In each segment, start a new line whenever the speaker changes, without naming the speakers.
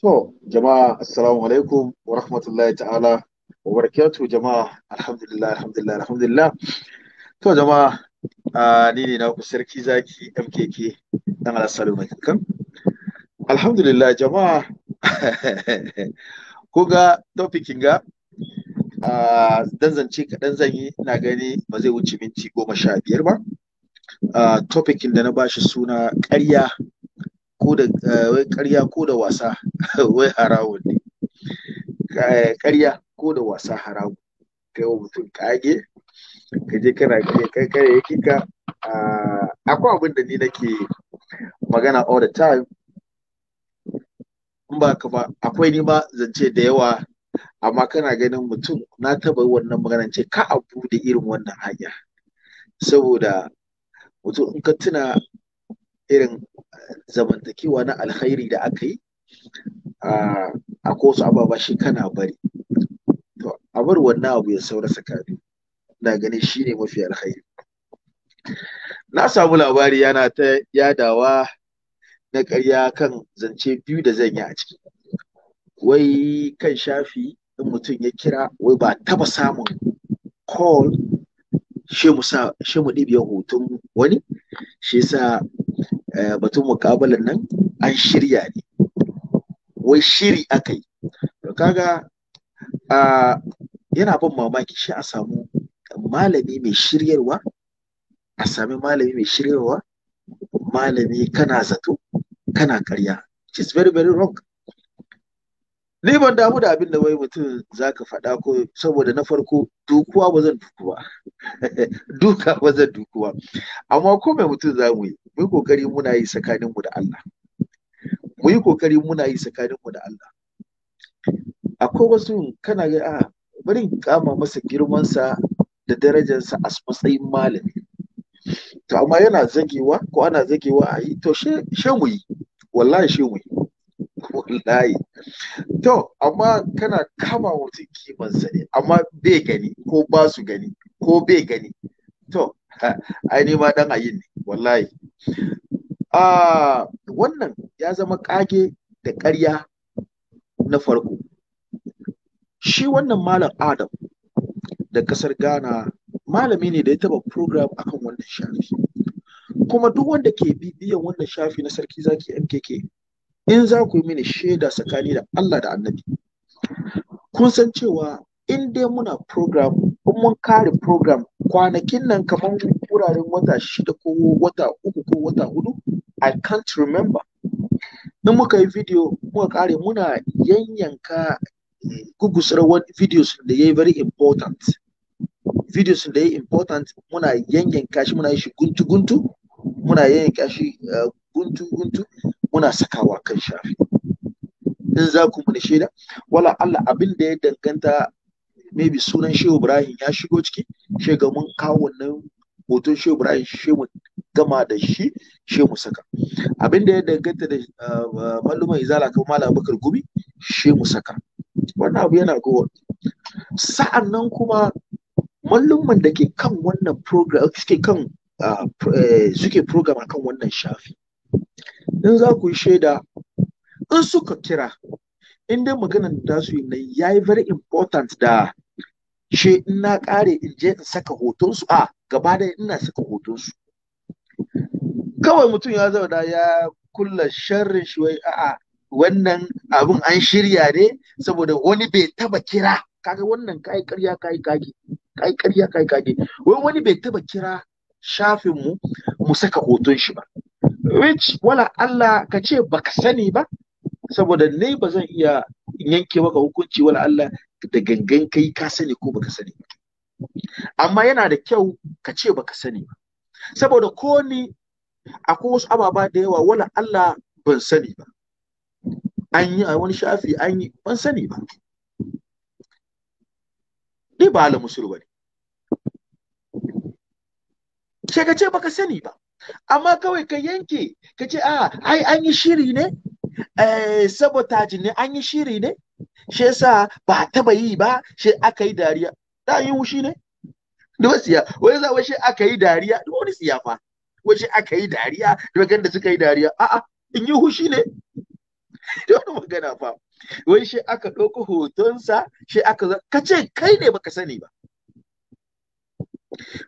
To, jama'a assalamu alaikum wa rahmatullahi ta'ala wa barakatu jama'a alhamdulillah alhamdulillah alhamdulillah. To jama'a a ni ne na ku sarki zaki MKK dan alasalu mai kankan. Alhamdulillah jama'a ko topikin ga dan zance kaɗan zan yi ina gani ba zai wuce minti goma sha biyar ba. Topikin da na bashi suna ƙarya ko da eh, wai ƙarya ko da wasa wai haramun ne eh, ƙarya ko da wasa haramun kai wa mutum kage ka je kana kai kai yake ka ah, akwai abin da ni nake magana all the time in ba ka ba akwai ni ma zance da yawa amma kana ganin mutum na taba wannan magana ce ka abu da irin wannan hanya saboda mutum in ka tuna irin zamantakewa na alkhairi da aka yi a wasu ababa shi kana bari to a bar wannan abu ya saura tsakani na ganin shi ne mafi alkhairi na samu labari yana ta yadawa na ƙarya kan zance biyu da zan yi a ciki wai kan shafi in mutum ya kira wai ba taba samun call shi mu ɗibiya hoton wani shi yasa Eh, batun mukabalan nan an shirya ne wai shiri aka yi to kaga yana bin mamaki shi a samu malami mai shiryarwa a sami malami mai shiryarwa malami kana zato kana karya it's very very wrong ni ban damu da abin da wai mutum za ka faɗa ko saboda na farko dukuwa ba zan duku ba duka ba zan duku ba amma ko mai mutum za mu yi mu yi kokari muna yi tsakanin da Allah mu yi kokari muna yi tsakanin mu da Allah akwai wasu kana ga a ah, bari kama masa girmansa da darajarsa a matsayin malami to amma yana zagewa ko ana zagewa a yi to she mu yi wallahi she mu yi wallahi to amma kana kama mutum kimansa ne amma bai gani ko ba su gani ko bai gani to ainihin ma ɗan ayin ne wallahi wannan ya zama ƙage da ƙarya na farko shi wannan malam adam da ƙasar ghana malami ne da ya taɓa program akan wannan shafi kuma duk wanda ke bibiyan wannan shafi na sarki zaki mkk in za ku yi mini shaida tsakani da Allah da annabi kun san cewa in dai muna program in mun kare program kwanakin nan kamar wuraren wata shida ko wata uku ko wata hudu I can't remember na muka yi video muka kare muna yanyanka eh, gugusar videos da ya yi very important videos da ya yi important muna yanyanka shi muna yi shi guntu guntu muna yanyanka shi eh, guntu guntu muna sakawa kan shafi in za ku mu shaida wala Allah abin da ya danganta maybe sunan Shehu Ibrahim ya shigo ciki she ga mun kawo wannan hoton Shehu Ibrahim she mu gama da shi she mu saka abin da ya danganta da uh, uh, malluman izala kan malam Bakar Gumi she mu saka wannan abu yana go sa'an nan kuma malluman da ke kan wannan program suke kan uh, eh, suke program akan wannan shafi in za ku yi shaida in suka kira in dai maganan da su yi nan ya yi very important da she in na kare in je in saka hotonsu a gaba da ina saka hotonsu kawai mutum ya zauna ya kulla sharrin shi wai a'a wannan abun an shirya ne saboda wani bai taba kira kaga wannan kai karya kai kage kai karya kai kage wai wani bai taba kira shafin mu mu saka hoton shi ba which wala Allah ka ce baka sani ba saboda ni ba zan iya yanke maka hukunci wala Allah da gangan kai ka sani ko baka sani ba amma yana da kyau ka ce baka sani ba saboda ko ni akwai wasu ababa da yawa wala Allah ban sani ba an yi a wani shafi an yi ban sani ba ni ba ala musul ka ce baka sani ba amma kawai ka yanke ka ce a ah, ai an yi shiri ne eh, sabotage ne an yi shiri ne shi yasa ba taba yi ba shi aka yi dariya ta yi wushi ne da siya, wai za wai shi aka yi dariya da wani siya fa wai shi aka yi dariya da ganda suka yi dariya a'a in yi hushi ne da wani magana fa wai shi aka ɗauko hotonsa shi aka ka ce kai ne baka sani ba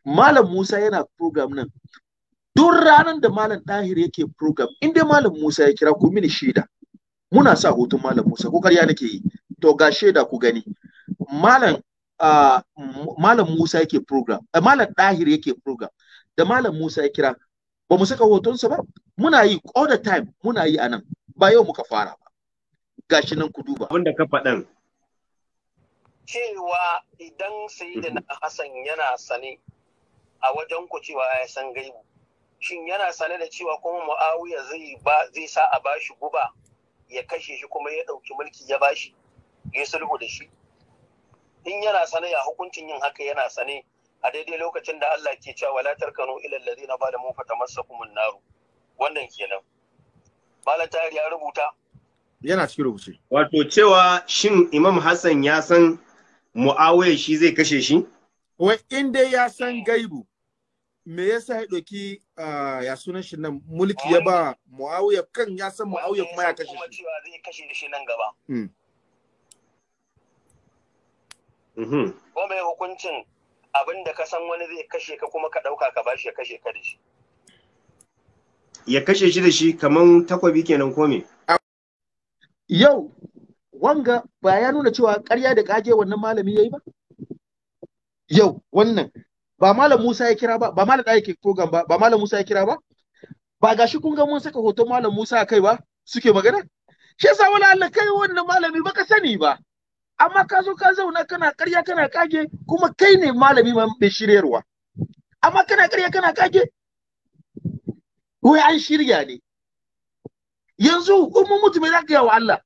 Malam Musa yana program nan duk ranar da malam Dahir yake program in dai malam musa ya kira ku mini shaida muna sa hoton malam musa ko karya nake yi to ga shaida ku gani malam uh, malam musa yake program uh, malam Dahir yake program da malam musa ya kira ba mu saka hotonsa ba muna yi all the time muna yi anan ba yau muka fara ba gashi nan ku duba abinda ka faɗan cewa idan sayyidina Hassan yana sane a wajen ku cewa ya san gaibu shin yana sane da cewa kuma mu'awiya zai ba zai sa a bashi guba ya kashe shi kuma ya ɗauki mulki ya bashi ya sulhu da shi in yana sane ya hukuncin yin haka yana sane a daidai lokacin da Allah ke cewa wala tarkanu ila alladhina zalamu fatamassakumun naru wannan kenan malam tayar ya rubuta yana cikin rubuce wato cewa shin imam hassan ya san mu'awiya shi zai kashe shi wai in dai ya san gaibu me yasa ya ɗauki ah, ya sunan shi nan mulki ya ba muawiya kan ya san muawiya kuma ya kashe shi. Kuma cewa zai kashe da shi nan gaba. Kuma hmm. mai mm-hmm. hukuncin abin da ka san wani zai kashe ka kuma ka ɗauka ka bashi ya kashe ka da shi. Ya kashe shi da shi kaman takwabi kenan ko me? Yau wanga ba ya nuna cewa ƙarya da kage wannan malami ya yi ba? Yau wannan ba malam Musa ya kira ba ba malam da yake program ba ba malam Musa ya kira ba ba gashi kun ga mun saka hoton malam Musa a kai ba suke magana shi yasa wala Allah kai wannan malami baka sani ba amma ka zo ka zauna kana ƙarya kana kage kuma kai ne malami mai shiryarwa amma kana ƙarya kana kage wai an shirya ne yanzu in mun mutu me za ka wa Allah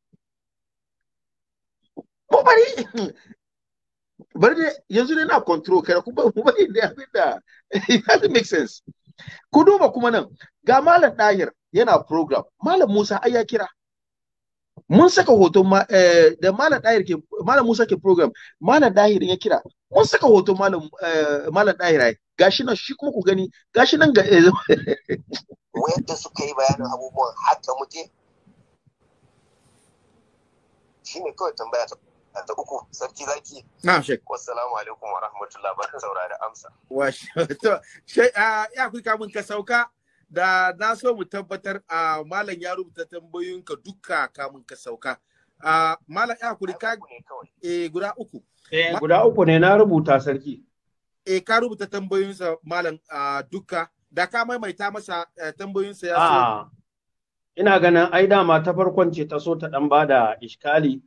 mu bari bari yanzu ne na control kai ku mu bari da abin da it doesn't make sense ku duba kuma nan ga malam dahir yana program malam musa ai ya kira mun saka hoton ma eh, da malam dahir ke malam musa ke program malam dahir ya kira mun saka hoton malam eh, malam dahir ai gashi nan shi kuma ku gani gashi nan ga eh, wanda suka yi bayanin abubuwan haka muke shine kawai tambaya ta ta uku sarki zaki. Na'am shek. Wassalamu alaikum wa rahmatullah ba saura da amsa. Wa to shek ya kuka mun ka sauka da na so mu tabbatar a malam ya rubuta tambayoyinka duka kamun ka sauka. malam ya kuri ka eh guda uku. Eh guda uku ne na rubuta sarki. Eh ka rubuta tambayoyinsa malam duka da ka maimaita masa eh, tambayoyinsa ya so. Ah, ina ganin ai dama ta farkon ce ta so ta dan bada iskali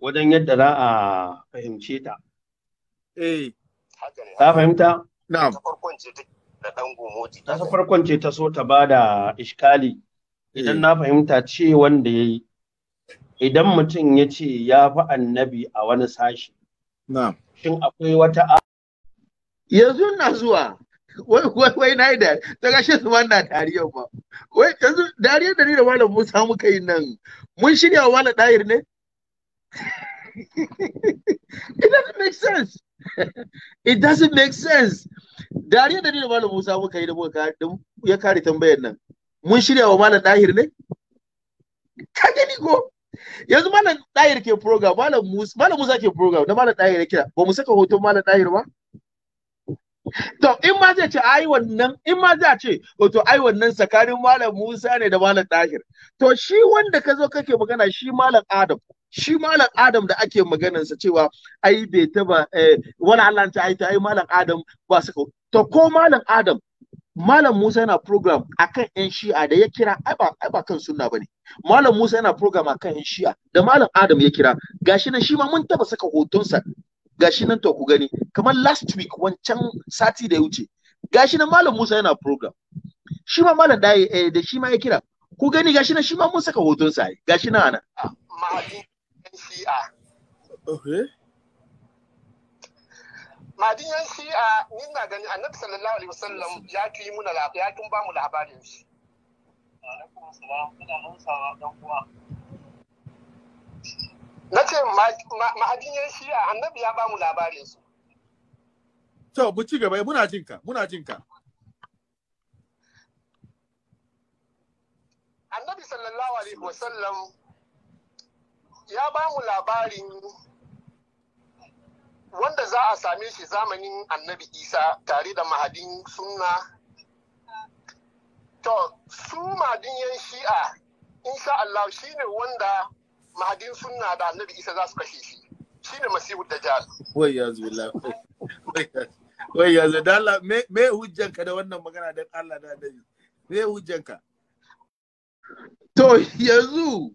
wajen yadda za a fahimce ta. Eh. Ta fahimta? Na'am. Ta farkon ce ta so ta ba da iskali. Idan eh. na fahimta ce wanda ya yi, idan mutum ya ce ya fi annabi a wani sashi. Na'am. Shin akwai wata Yanzu na zuwa. wai wai na yi da ta gashi su wanda dariyar ba wai yanzu dariyar da ni da malam Musa muka yi nan mun shirya wa malam Dahir ne it doesn't make sense. it doesn't make sense. Dariya da ni da Malam Musa muka yi da muka ya kare tambayar nan. Mun shirya wa Malam Dahir ne? Ka gani ko? Yanzu Malam Dahir ke program, Malam Musa, Malam Musa ke program, na Malam Dahir ya kira. Ba mu saka hoton Malam Dahir ba? To in ma zai ce ai wannan in ma zai ce wato oh, ai wannan tsakanin Malam Musa ne da Malam Dahir. To shi wanda ka zo kake magana shi Malam Adam. shi malam adam da ake maganarsa cewa ai bai taba eh, wani Allah ta ai ai malam adam ba su ko to ko malam adam malam Musa yana program akan yan shi'a da ya kira ai ba ai ba kan sunna bane malam Musa yana program akan yan shi'a da malam adam ya kira gashi nan shi ma mun taba saka hotonsa gashi nan to ku gani kamar last week wancan sati da ya wuce gashi nan malam Musa yana program shi ma malam da eh, da shi ma ya kira ku gani gashi nan shi ma mun saka hotonsa gashi nan ana 'yan shi'a. Mahadin 'yan shi'a ni na gani annabi sallallahu alaihi wasallam ya tuyi muna ya tun ba mu labarin shi. Na ce mahadin 'yan shi'a annabi ya ba mu labarin su. To, mu ci gaba, muna jinka, muna jinka. Annabi sallallahu alaihi wasallam ya ba mu labarin wanda za a same shi zamanin annabi isa tare da mahadin sunna to su mahadin yan shi'a insha Allah shi ne wanda mahadin sunna da annabi isa za su kashe shi shi ne masihu jihar. wai ya zula wai ya zula Allah me hujjanka da wannan magana da Allah da annabi me hujjanka to yanzu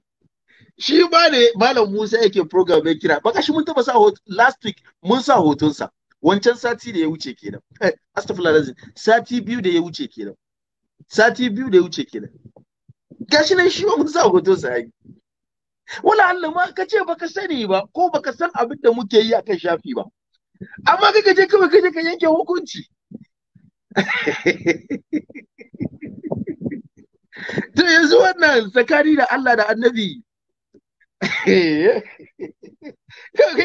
shi ba ne malam Musa yake program mai kira baka shi mun taba sa hoto last week mun sa hotonsa wancan sati da ya wuce kenan eh, astaghfirullah sati biyu da ya wuce kenan sati biyu da ya wuce kenan gashi nan shi mun sa hotonsa yayi wala Allah ma ka ce baka sani ba ko baka san abin da muke yi akan shafi ba amma ka je kawai kaje ka yanke hukunci to yanzu wannan tsakani da Allah da annabi kai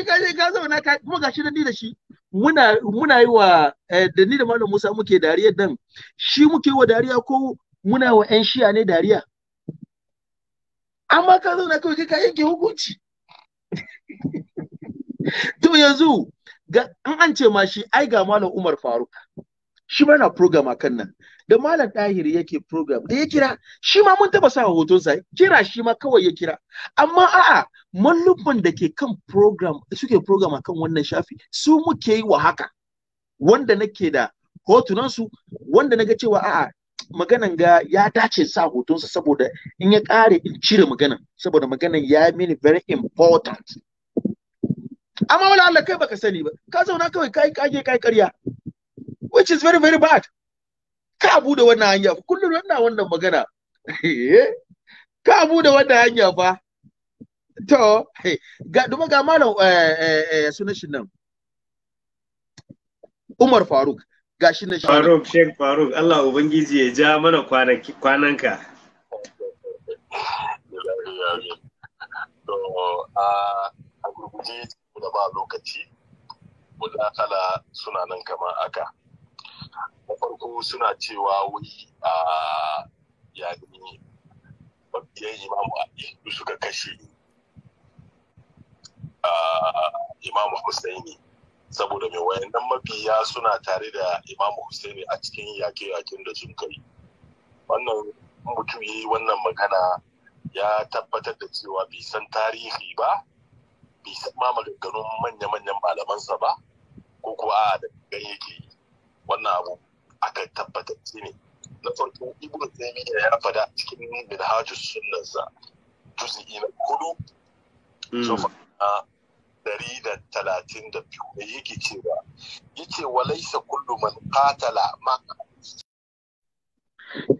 ka ka zauna ka kuma gashi da ni da shi muna muna yi wa eh, da ni da malam Musa muke dariya dan shi muke wa dariya ko muna wa ƴan shiya ne dariya amma ka zauna kai kai ka yanke hukunci to yanzu ga an an ce ma shi ai ga malam Umar Faruk shi ma na program kan nan da malam dahir yake program da ya kira shi ma mun taba sa hotonsa kira shi ma kawai ya kira amma a'a manufan da ke kan program suke program akan wannan shafi su muke yi wa haka wanda nake da hotunansu wanda na ga cewa a'a maganan ga ya dace sa hotonsa saboda in ya kare in cire maganan saboda maganan ya mini very important amma wala Allah kai baka sani ba ka zauna kawai kai kage kai which is very very bad ka bude wannan hanya fa kullum wannan wannan magana eh? ka bude wannan hanya fa to ga duma ga malam eh, eh eh sunan shi nan Umar Faruk gashi na shi Faruk Sheikh Faruk Allah ubangiji ya ja mana kwanaki kwananka a gurguje da ba lokaci mudakala suna nan kamar aka na farko suna cewa wai a yani mabiyan imamu ali suka kashe imamu husaini saboda mai wayannan mabiya suna tare da imamu husaini a cikin yake yaƙen da sun kai wannan mutum ya yi wannan magana ya tabbatar da cewa bai san tarihi ba bai san ma maganganun manya-manyan malamansa ba ko kuwa a da yake yi wannan abu aka tabbatar ne na farko ibn taymiya ya fada cikin minhajus sunnansa juz'i na kudu sofa mm. dari da talatin da biyu da yake cewa yace walaisa kullu man qatala ma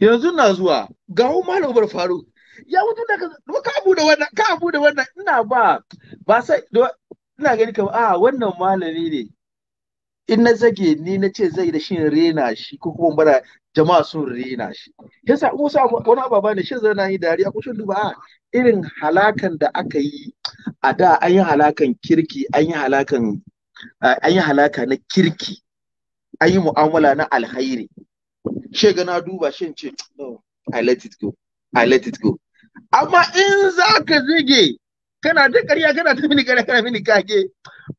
yanzu na zuwa ga umar bar faru ya mutu da ka abu da wannan ka abu da wannan ina ba ba sai ina gani kamar a ah, wannan malami ne in na zage ni na ce zai da shi rena shi ko kuma bara jama'a sun rena shi yasa in wasu wani ababa ne zai zana yi dariya ko shi duba ah, irin halakan da aka yi a da an yi halakan kirki an yi halakan eh, an yi halaka na kirki an yi mu'amala na alhairi she ga na duba shi ce no i let it go i let it go amma in za ka zige kana ta ƙarya kana ta mini ƙarya kana mini kage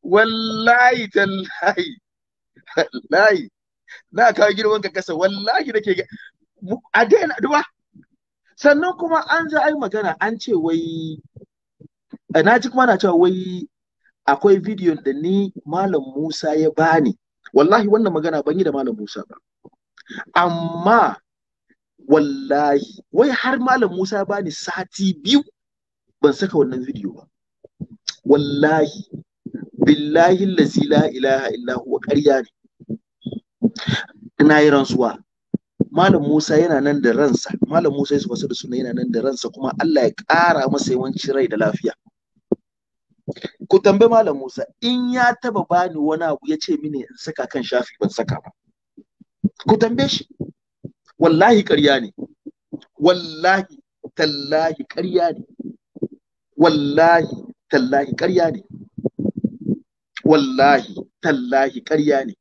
wallahi tallahi wallahi na kawo girman ka kasa wallahi nake a daina duba sannan kuma an za ai magana an ce wai na ji kuma na cewa wai akwai bidiyon da ni malam Musa ya bani wallahi wannan magana ban yi da malam Musa ba amma wallahi wai har malam Musa ya bani sati biyu ban saka wannan bidiyo ba wallahi billahi lazi la ilaha illa huwa ƙarya ne ina yi rantsuwa Malam Musa yana nan da ransa, Malam Musa Yusuf Asadu Sunna yana nan da ransa kuma Allah ya ƙara masa yawanci rai da lafiya. Ku tambayi Malam Musa in ya taba bani wani abu ya ce mini in saka kan shafi ban saka ba. Ku tambaye shi, wallahi ƙarya ne, wallahi tallahi ƙarya ne, wallahi tallahi ƙarya ne, wallahi tallahi ƙarya ne.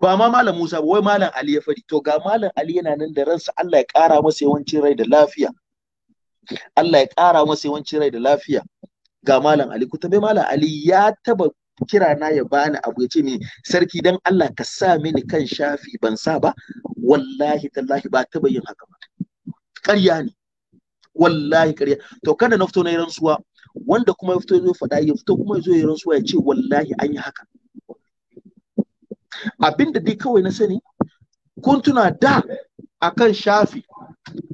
ba ma malam Musa ba wai malam Ali ya fari to ga malam Ali yana nan da ransa Allah ya ƙara masa yawancin rai da lafiya Allah ya ƙara masa yawancin rai da lafiya ga malam Ali ku tambaye malam Ali ya taba kira na ya bani abu ya ce ni sarki dan Allah ka sa mini kan shafi ban sa ba wallahi tallahi ba taba yin haka ba ƙarya ne wallahi ƙarya to kada na fito na yi rantsuwa wanda kuma ya fito ya faɗa ya fito kuma ya zo ya rantsuwa ya ce wallahi an yi haka abinda dai kawai na sani kun tuna da akan shafi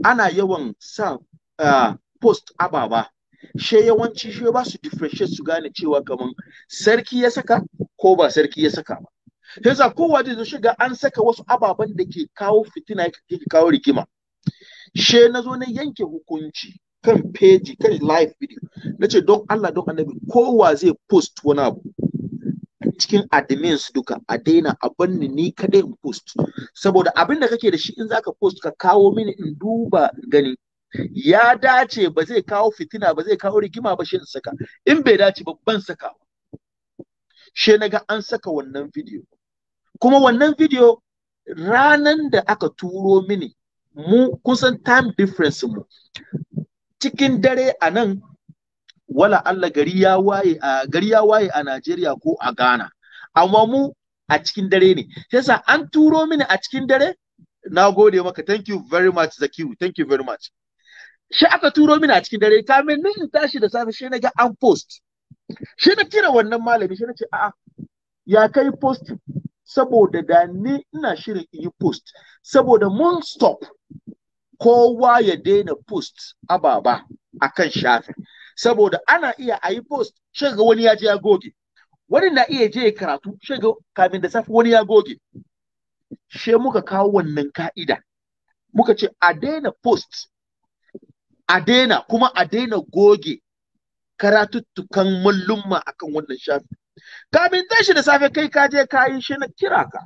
ana yawan sa uh, post ababa she yawanci she ba su differentiate su gane cewa kaman sarki ya saka ko ba sarki ya saka ba yasa kowa zai shiga an saka wasu ababen da ke kawo fitina ke kawo rigima she na zo na yanke hukunci kan peji kan live video na ce don Allah don annabi kowa zai post wani abu cikin admins duka a daina a banni ni kadai in post saboda abin da kake da shi in zaka post ka kawo mini in duba gani ya dace ba zai kawo fitina ba zai kawo rigima ba shi in saka in bai dace ba ban saka she naga an saka wannan video kuma wannan video ranan da aka turo mini mu kun san time difference mu cikin dare a nan wala Allah gari ya waye a gari ya waye a Najeriya ko a Ghana amma mu a cikin dare ne yasa an turo mini a cikin dare na gode maka thank you very much Zakiu thank you very much shi aka turo mini a cikin dare kamin ni in tashi da safe shi na ga an post shi na kira wannan malami shi na ce a'a ya kai post saboda da ni ina shirin in yi post saboda mun stop kowa ya daina post ababa akan shafin saboda ana iya a yi post shiga wani ya je ya goge wani na iya je karatu shiga kamin da safe wani ya goge she muka kawo wannan ka'ida muka ce a daina post a daina kuma a daina goge karatuttukan mallumma akan wannan shafi kamin tashi da safe kai ka je ka yi shi na kira ka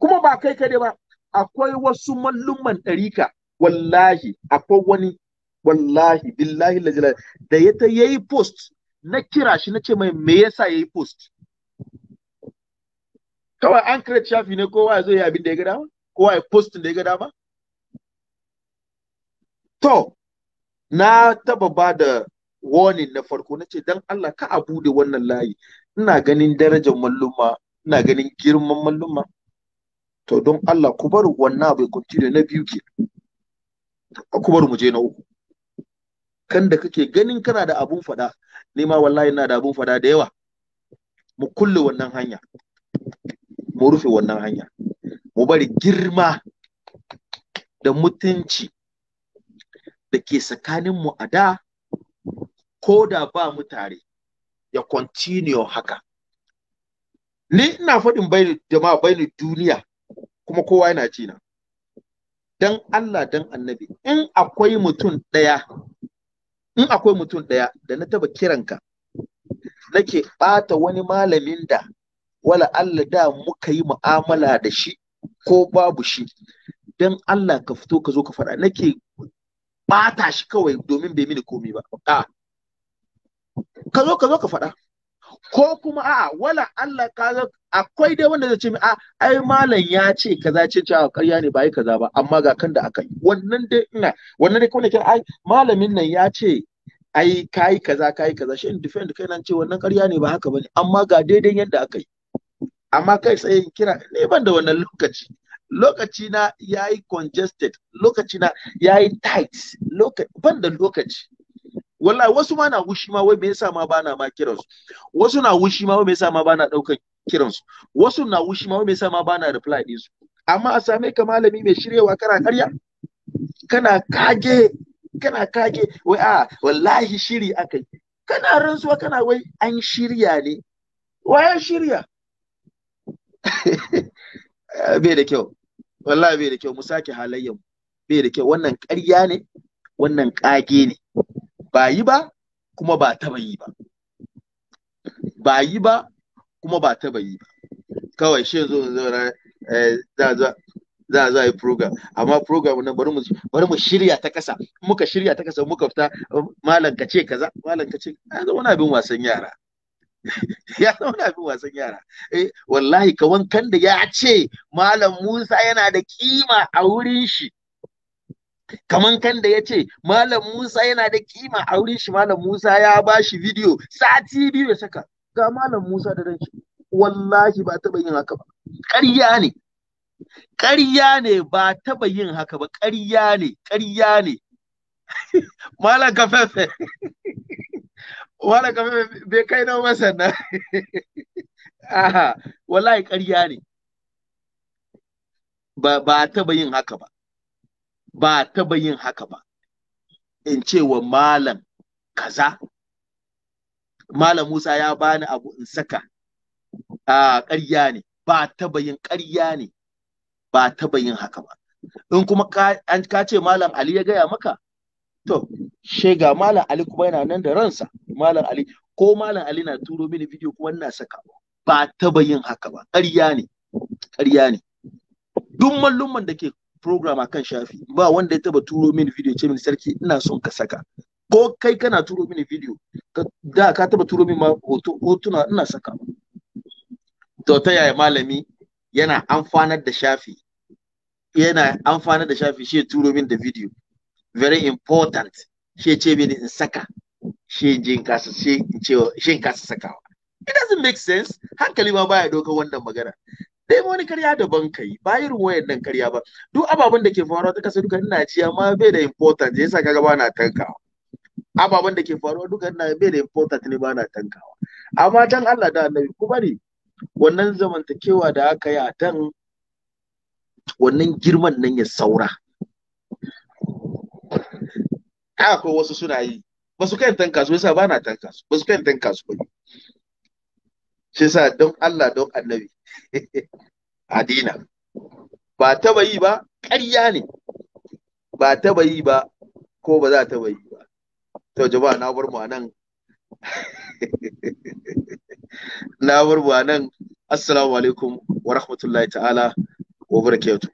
kuma ba kai kade ba akwai wasu mallumman ɗarika wallahi akwai wani wallahi billahi lajila da ya ta yayi post na kira shi na ce mai me yasa yayi post kawai an kira shafi ne kowa ya zo ya abin da ya ga dama kowa ya post da ya ga dama to na taba ba da warning na farko na ce dan Allah ka a bude wannan layi ina ganin darajar malluma ina ganin girman malluma to don Allah ku bar wannan bai da na biyu ke ku bar mu je na uku kan da kake ganin kana da abun faɗa ni ma wallahi ina da abun fada da yawa mu kulle wannan hanya mu rufe wannan hanya mu bari girma da mutunci da ke tsakaninmu a da ko da ba mu tare ya continue haka ni ina faɗin bai jama'a bai duniya kuma kowa yana ci na dan Allah dan annabi in akwai mutum ɗaya in akwai mutum ɗaya da na taba kiranka nake ɓata wani malamin da wala Allah da muka yi mu'amala da shi ko babu shi don Allah ka fito ka zo ka faɗa nake ɓata shi kawai domin bai mini komi ba ka zo ka zo ka faɗa ko kuma a wala Allah kaga akwai dai wanda zai ce a ai malam ya ce kaza ce ce a ƙarya ne ba yi kaza ba amma ga kan da aka yi wannan dai ina wannan dai kuma ai malamin nan ya ce ai kai kaza kai kaza shi in defend kai nan ce wannan ƙarya ne ba haka bane amma ga daidai yadda aka yi amma kai tsaye kira ne ban da wannan lokaci lokaci na yayi congested lokaci na yayi tight lokaci ban da lokaci wallahi wasu ma na wushi ma wai me yasa ma bana ma kiransu wasu na wushi ma wai me yasa ma bana daukan kiransu wasu na wushi ma wai me yasa ma bana reply din su amma a same ka malami mai shiryewa kana karya kana kage kana kage wai a ah, wallahi shiri akai kana rantsuwa kana wai an shirya ne waya shirya bai da kyau wallahi bai da kyau mu sake halayyan bai da kyau wannan ƙarya ne wannan ƙage ne ba yi ba kuma ba taba yi ba ba yi ba kuma ba taba yi ba kawai shi zo na eh, za a zo yi program amma program nan bari mu bari mu shirya ta kasa muka shirya ta kasa muka fita malam ka ce kaza malam ka ce ya zama wani bin wasan yara ya zama na bin wasan yara eh wallahi ka wankan da ya ce malam Musa yana da kima a wurin shi kaman kan da ya ce malam musa yana da kima a wurin shi malam musa ya ba shi bidiyo sati biyu ya saka ga malam musa da ranci wallahi ba taɓa yin haka ba ƙarya ne ƙarya ne ba taɓa yin haka ba ƙarya ne ƙarya ne malam kafefe malam kafefe bai kai na masana aha wallahi ƙarya ne ba ba taɓa yin haka ba ba taba yin haka ba in ce wa malam kaza malam Musa ya bani abu in saka a ƙarya ne ba taba yin ƙarya ne ba taba yin haka ba in kuma ka ce malam Ali ya gaya maka to shega malam Ali kuma yana nan da ransa malam Ali ko malam Ali na turo mini video kuma ina saka ba taba yin haka ba ƙarya ne ƙarya ne duk mallumman da ke program akan shafi ba wanda ya taba turo mini video ce mini sarki ina son ka saka ko kai kana turo mini video da ka taba turo mini ma hotuna ina saka to ta yaya malami yana amfanar da shafi yana amfanar da shafi shi turo mini da video very important shi ce mini in saka shi jin kasa shi in ce shi in kasa sakawa it doesn't make sense hankali ma baya dokar wannan magana dai wani karya daban kai ba irin wayannan karya ba duk ababen da ke faruwa ta kasar duka ciya ma bai da important yasa kaga ba na tankawa ababen da ke faruwa duka ina bai da important ne ba na tankawa amma dan Allah da Annabi ku bari wannan zamantakewa da aka yi a dan wannan girman nan ya saura akwai wasu suna yi ba su kai tanka su yasa ba na tanka su ba su kai tanka su ba shi yasa don Allah don Annabi adina ba taba yi ba ƙarya ne ba taba yi ba ko ba za taba yi ba to jama'a na bar mu anan na bar mu anan assalamu alaikum wa rahmatullahi ta'ala wa barakatuh